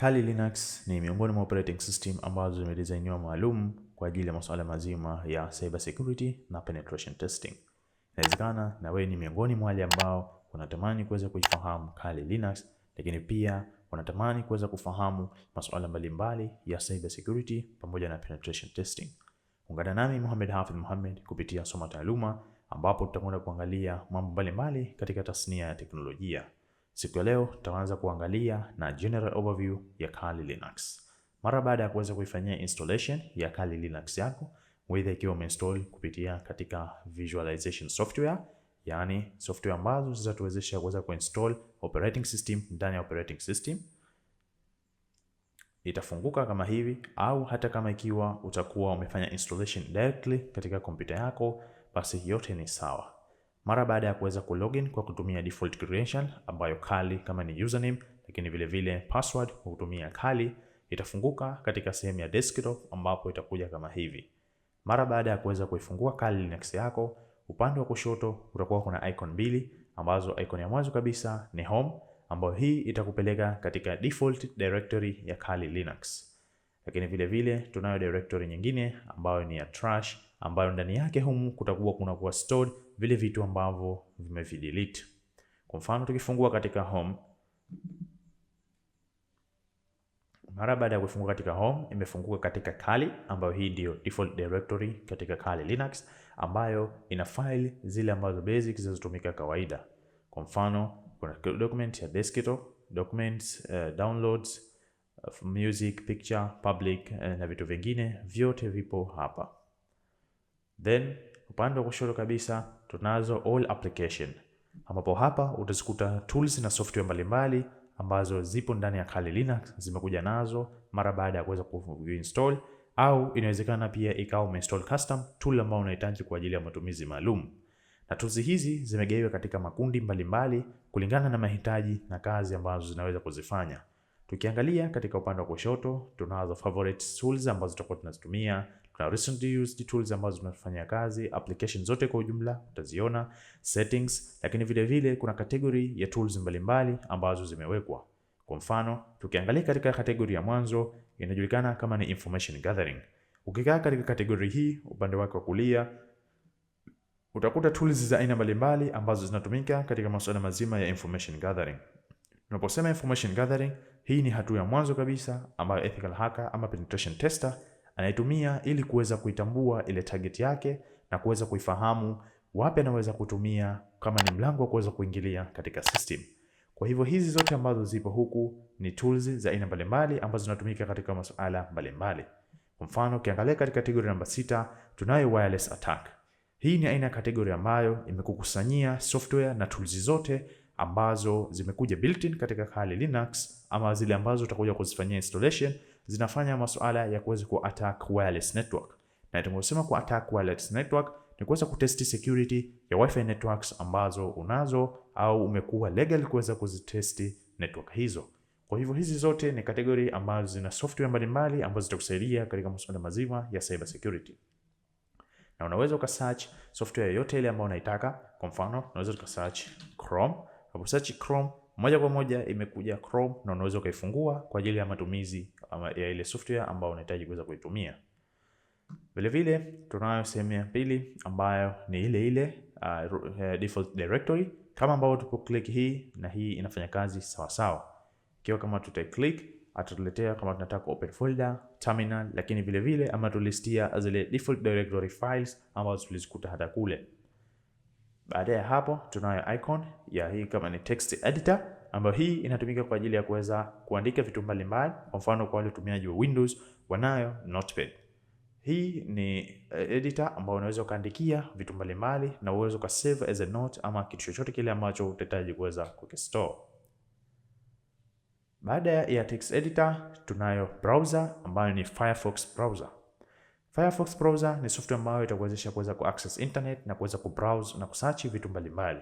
Kali Linux ni miongoni mwa operating system ambazo zimedesainiwa maalum kwa ajili ya masuala mazima ya cyber security na penetration testing. Inawezekana na wewe ni miongoni mwa wale ambao unatamani kuweza kuifahamu Kali Linux, lakini pia unatamani kuweza kufahamu masuala mbalimbali ya cyber security pamoja na penetration testing. Ungana nami Mohamed Hafidh Mohamed kupitia Soma Taaluma ambapo tutakwenda kuangalia mambo mbalimbali katika tasnia ya teknolojia. Siku ya leo tutaanza kuangalia na general overview ya Kali Linux. Mara baada ya kuweza kuifanyia installation ya Kali Linux yako, whether ikiwa umeinstall kupitia katika visualization software, yani software ambazo zitatuwezesha kuweza kuinstall operating system ndani ya operating system itafunguka kama hivi, au hata kama ikiwa utakuwa umefanya installation directly katika kompyuta yako, basi yote ni sawa. Mara baada ya kuweza kulogin kwa kutumia default credential ambayo kali kama ni username, lakini vile vile password kwa kutumia kali, itafunguka katika sehemu ya desktop ambapo itakuja kama hivi. Mara baada ya kuweza kuifungua Kali Linux yako, upande wa kushoto utakuwa kuna icon mbili ambazo icon ya mwanzo kabisa ni home, ambayo hii itakupeleka katika default directory ya Kali Linux. Lakini vile vile tunayo directory nyingine ambayo ni ya trash, ambayo ndani yake humu kutakuwa kuna kuwa stored vile vitu ambavyo vimevidelete. Kwa mfano tukifungua katika home, mara baada ya kufungua katika home, imefunguka katika Kali ambayo hii ndio default directory katika Kali Linux ambayo ina file zile ambazo basic zinazotumika kawaida. Kwa mfano kuna document ya desktop, documents, uh, downloads, uh, music, picture, public, uh, na vitu vingine vyote vipo hapa. Then upande wa kushoto kabisa tunazo all application, ambapo hapa utazikuta tools na software mbalimbali ambazo zipo ndani ya Kali Linux zimekuja nazo mara baada ya kuweza kuinstall, au inawezekana pia ikawa umeinstall custom tool ambayo unahitaji kwa ajili ya matumizi maalum. Na tools hizi zimegaiwa katika makundi mbalimbali mbali, kulingana na mahitaji na kazi ambazo zinaweza kuzifanya. Tukiangalia katika upande wa kushoto tunazo favorite tools ambazo tutakuwa tunazitumia kuna recent used tools ambazo zinafanya kazi, application zote kwa ujumla utaziona settings, lakini vile vile kuna category ya tools mbalimbali ambazo zimewekwa. Kwa mfano tukiangalia katika category ya mwanzo inajulikana kama ni information gathering. Ukikaa katika category hii upande wake wa kulia utakuta tools za aina mbalimbali ambazo zinatumika katika masuala mazima ya information gathering. Tunaposema information gathering, hii ni hatua ya mwanzo kabisa ambayo ethical hacker ama penetration tester anaitumia ili kuweza kuitambua ile target yake na kuweza kuifahamu wapi anaweza kutumia kama ni mlango wa kuweza kuingilia katika system. Kwa hivyo hizi zote ambazo zipo huku ni tools za aina mbalimbali ambazo zinatumika katika masuala mbalimbali. Kwa mfano, ukiangalia katika category namba sita tunayo wireless attack. Hii ni aina ya category ambayo imekukusanyia software na tools zote ambazo zimekuja built in katika Kali Linux ama zile ambazo utakuja kuzifanyia installation zinafanya masuala ya kuweza ku attack wireless network, na tunaposema ku attack wireless network ni kuweza kutesti security ya wifi networks ambazo unazo au umekuwa legal kuweza kuzitest network hizo. Kwa hivyo hizi zote ni kategori ambazo zina software mbalimbali ambazo zitakusaidia katika masuala mazima ya cyber security. Na unaweza uka search software yoyote ile ambayo unaitaka. Kwa mfano, unaweza uka search Chrome. search Chrome moja kwa moja imekuja Chrome na unaweza ukaifungua kwa ajili ya matumizi ya ile software ambayo unahitaji kuweza kuitumia. Vile vile tunayo sehemu ya pili ambayo ni ile ile uh, default directory kama ambavyo tupo click hii na hii inafanya kazi sawa sawa. Ikiwa kama tuta click atatuletea kama tunataka open folder, terminal, lakini vile vile ama tulistia zile default directory files ambazo tulizikuta hata kule. Baada ya hapo tunayo icon ya hii kama ni text editor ambayo hii inatumika kwa ajili ya kuweza kuandika vitu mbalimbali. Kwa mfano kwa wale watumiaji wa Windows wanayo Notepad. Hii ni eh, editor ambayo unaweza ukaandikia vitu mbalimbali na uweze uka save as a note ama kitu chochote kile ambacho utahitaji kuweza kukistore. Baada ya text editor tunayo browser ambayo ni Firefox browser. Firefox browser ni software ambayo itakuwezesha kuweza kuaccess internet na kuweza kubrowse na kusearch vitu mbalimbali.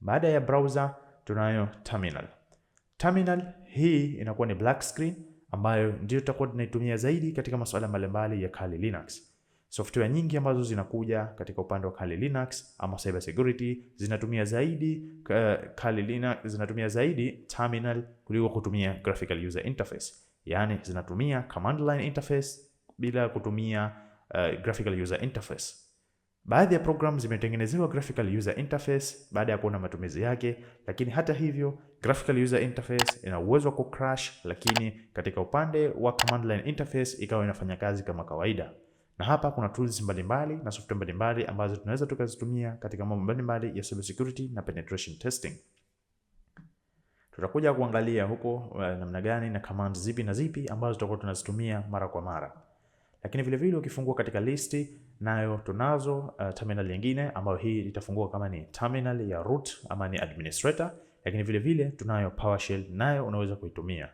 Baada ya browser tunayo terminal. Terminal hii inakuwa ni black screen ambayo ndio tutakuwa tunaitumia zaidi katika masuala mbalimbali ya Kali Linux. Software nyingi ambazo zinakuja katika upande wa Kali Linux ama cyber security zinatumia zaidi eh, Kali Linux zinatumia zaidi terminal kuliko kutumia graphical user interface. Yaani zinatumia command line interface bila kutumia uh, graphical user interface. Baadhi ya programs zimetengenezewa graphical user interface baada ya kuona matumizi yake, lakini hata hivyo graphical user interface ina uwezo wa kucrash, lakini katika upande wa command line interface ikawa inafanya kazi kama kawaida. Na hapa kuna tools mbalimbali mbali, na software mbalimbali ambazo tunaweza tukazitumia katika mambo mbalimbali ya cyber security na penetration testing. Tutakuja kuangalia huko eh, namna gani na commands zipi na zipi ambazo tutakuwa tunazitumia mara kwa mara. Lakini vile vile ukifungua katika listi nayo tunazo uh, terminal nyingine ambayo hii itafungua kama ni terminal ya root ama ni administrator, lakini vile vile tunayo PowerShell nayo unaweza kuitumia.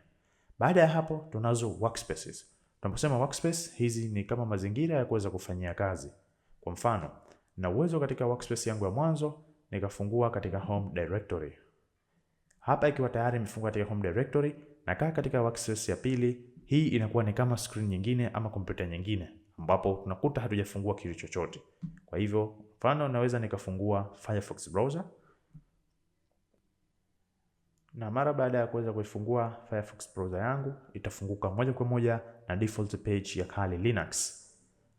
Baada ya hapo tunazo workspaces. Tunaposema workspace, hizi ni kama mazingira ya kuweza kufanyia kazi. Kwa mfano, na uwezo katika workspace yangu ya mwanzo nikafungua katika home directory. Hapa ikiwa tayari imefungua katika home directory, nakaa katika workspace ya pili hii inakuwa ni kama screen nyingine ama kompyuta nyingine ambapo tunakuta hatujafungua kitu chochote. Kwa hivyo, mfano naweza nikafungua Firefox browser. Na mara baada ya kuweza kuifungua Firefox browser yangu, itafunguka moja kwa moja na default page ya Kali Linux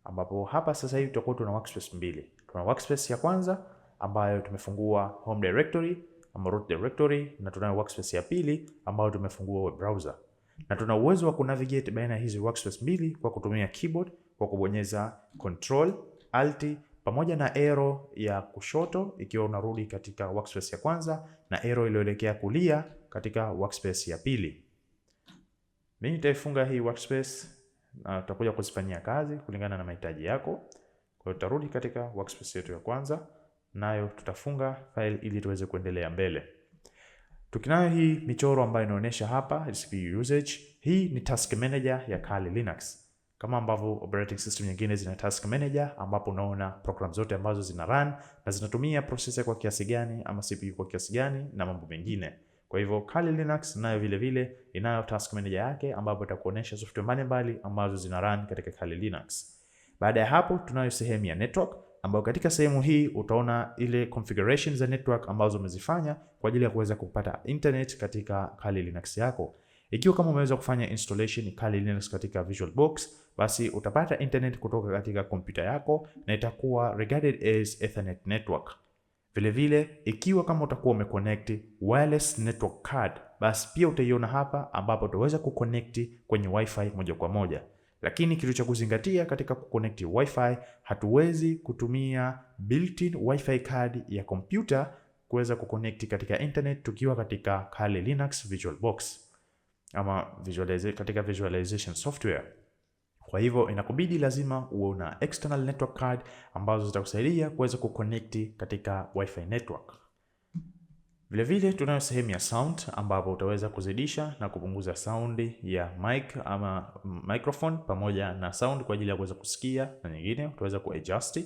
ambapo hapa sasa hivi tutakuwa tuna workspace mbili. Tuna workspace ya kwanza ambayo tumefungua home directory ama root directory na tunayo workspace ya pili ambayo tumefungua web browser na tuna uwezo wa kunavigate baina ya hizi workspace mbili kwa kutumia keyboard kwa kubonyeza control alt pamoja na arrow ya kushoto ikiwa unarudi katika workspace ya kwanza na arrow iliyoelekea kulia katika workspace ya pili. Mimi nitaifunga hii workspace na tutakuja kuzifanyia kazi kulingana na mahitaji yako. Kwa hiyo tutarudi katika workspace yetu ya kwanza, nayo tutafunga file ili tuweze kuendelea mbele. Tukinayo hii michoro ambayo inaonyesha hapa CPU usage. Hii ni task manager ya Kali Linux. Kama ambavyo operating system nyingine zina task manager ambapo unaona program zote ambazo zina run na zinatumia processor kwa kiasi gani ama CPU kwa kiasi gani na mambo mengine. Kwa hivyo Kali Linux nayo vile vile inayo task manager yake ambapo itakuonyesha software mbalimbali ambazo zina run katika Kali Linux. Baada ya hapo tunayo sehemu ya network ambayo katika sehemu hii utaona ile configuration za network ambazo umezifanya kwa ajili ya kuweza kupata internet katika Kali Linux yako. Ikiwa kama umeweza kufanya installation Kali Linux katika Visual Box, basi utapata internet kutoka katika kompyuta yako na itakuwa regarded as Ethernet network. Vile vile, ikiwa kama utakuwa umeconnect wireless network card, basi pia utaiona hapa ambapo utaweza kuconnect kwenye wifi moja kwa moja. Lakini kitu cha kuzingatia katika kuconnect wifi, hatuwezi kutumia built-in wifi card ya kompyuta kuweza kuconnect katika internet tukiwa katika Kali Linux Box ama visualize, katika visualization software. Kwa hivyo inakubidi lazima uwe na external network card ambazo zitakusaidia kuweza kuconnect katika wifi network. Vilevile tunayo sehemu ya sound ambapo utaweza kuzidisha na kupunguza sound ya mic ama microphone pamoja na sound kwa ajili ya kuweza kusikia na nyingine utaweza kuadjust.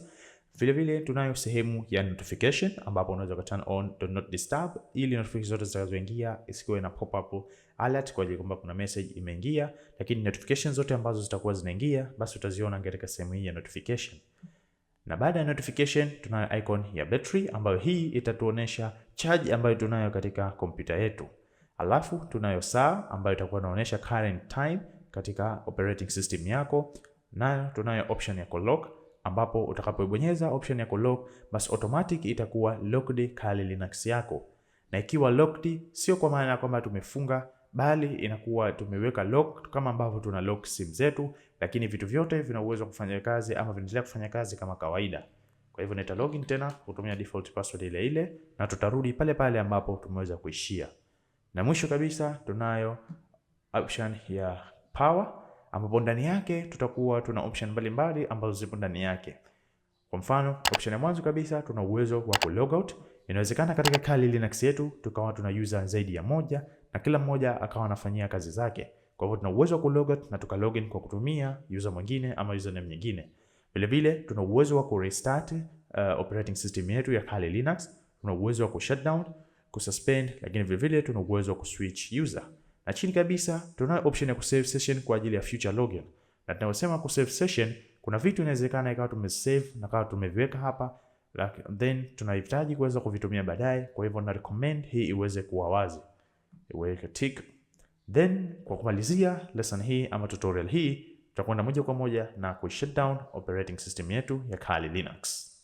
Vile vile tunayo sehemu ya notification ambapo unaweza ku turn on do not disturb ili notification zote zitakazoingia isikuwe na pop up alert kwa ajili kwamba kuna message imeingia, lakini notification zote ambazo zitakuwa zinaingia basi utaziona katika sehemu hii ya notification na baada ya notification tunayo icon ya battery ambayo hii itatuonesha charge ambayo tunayo katika kompyuta yetu. Alafu tunayo saa ambayo itakuwa inaonyesha current time katika operating system yako, nayo tunayo option ya lock ambapo utakapoibonyeza option ya lock basi automatic itakuwa locked kali Linux yako, na ikiwa locked sio kwa maana ya kwamba tumefunga bali inakuwa tumeweka lock kama ambavyo tuna lock sim zetu, lakini vitu vyote vina uwezo wa kufanya kazi ama vinaendelea kufanya kazi kama kawaida. Kwa hivyo nita login tena kutumia default password ile ile na tutarudi pale pale ambapo tumeweza kuishia. Na mwisho kabisa tunayo option ya power ambapo ndani yake tutakuwa tuna option mbalimbali ambazo zipo ndani yake. Kwa mfano, option ya mwanzo kabisa tuna uwezo wa ku log out. Inawezekana katika Kali Linux yetu tukawa tuna user zaidi ya moja na kila mmoja akawa anafanyia kazi zake. Kwa hivyo tuna uwezo wa kulogin na tuka login kwa kutumia user mwingine ama username nyingine. Vile vile tuna uwezo wa kurestart uh, operating system yetu ya Kali Linux, tuna uwezo wa kushutdown, kususpend, lakini vile vile tuna uwezo wa kuswitch user. Na chini kabisa tuna option ya kusave session kwa ajili ya future login. Na tunasema kusave session, kuna vitu inawezekana ikawa tumesave na kawa tumeviweka hapa, then tunahitaji kuweza kuvitumia baadaye. Kwa hivyo na recommend hii iweze kuwa wazi weka tick. Then kwa kumalizia lesson hii ama tutorial hii tutakwenda moja kwa moja na ku down operating system yetu ya Kali Linux.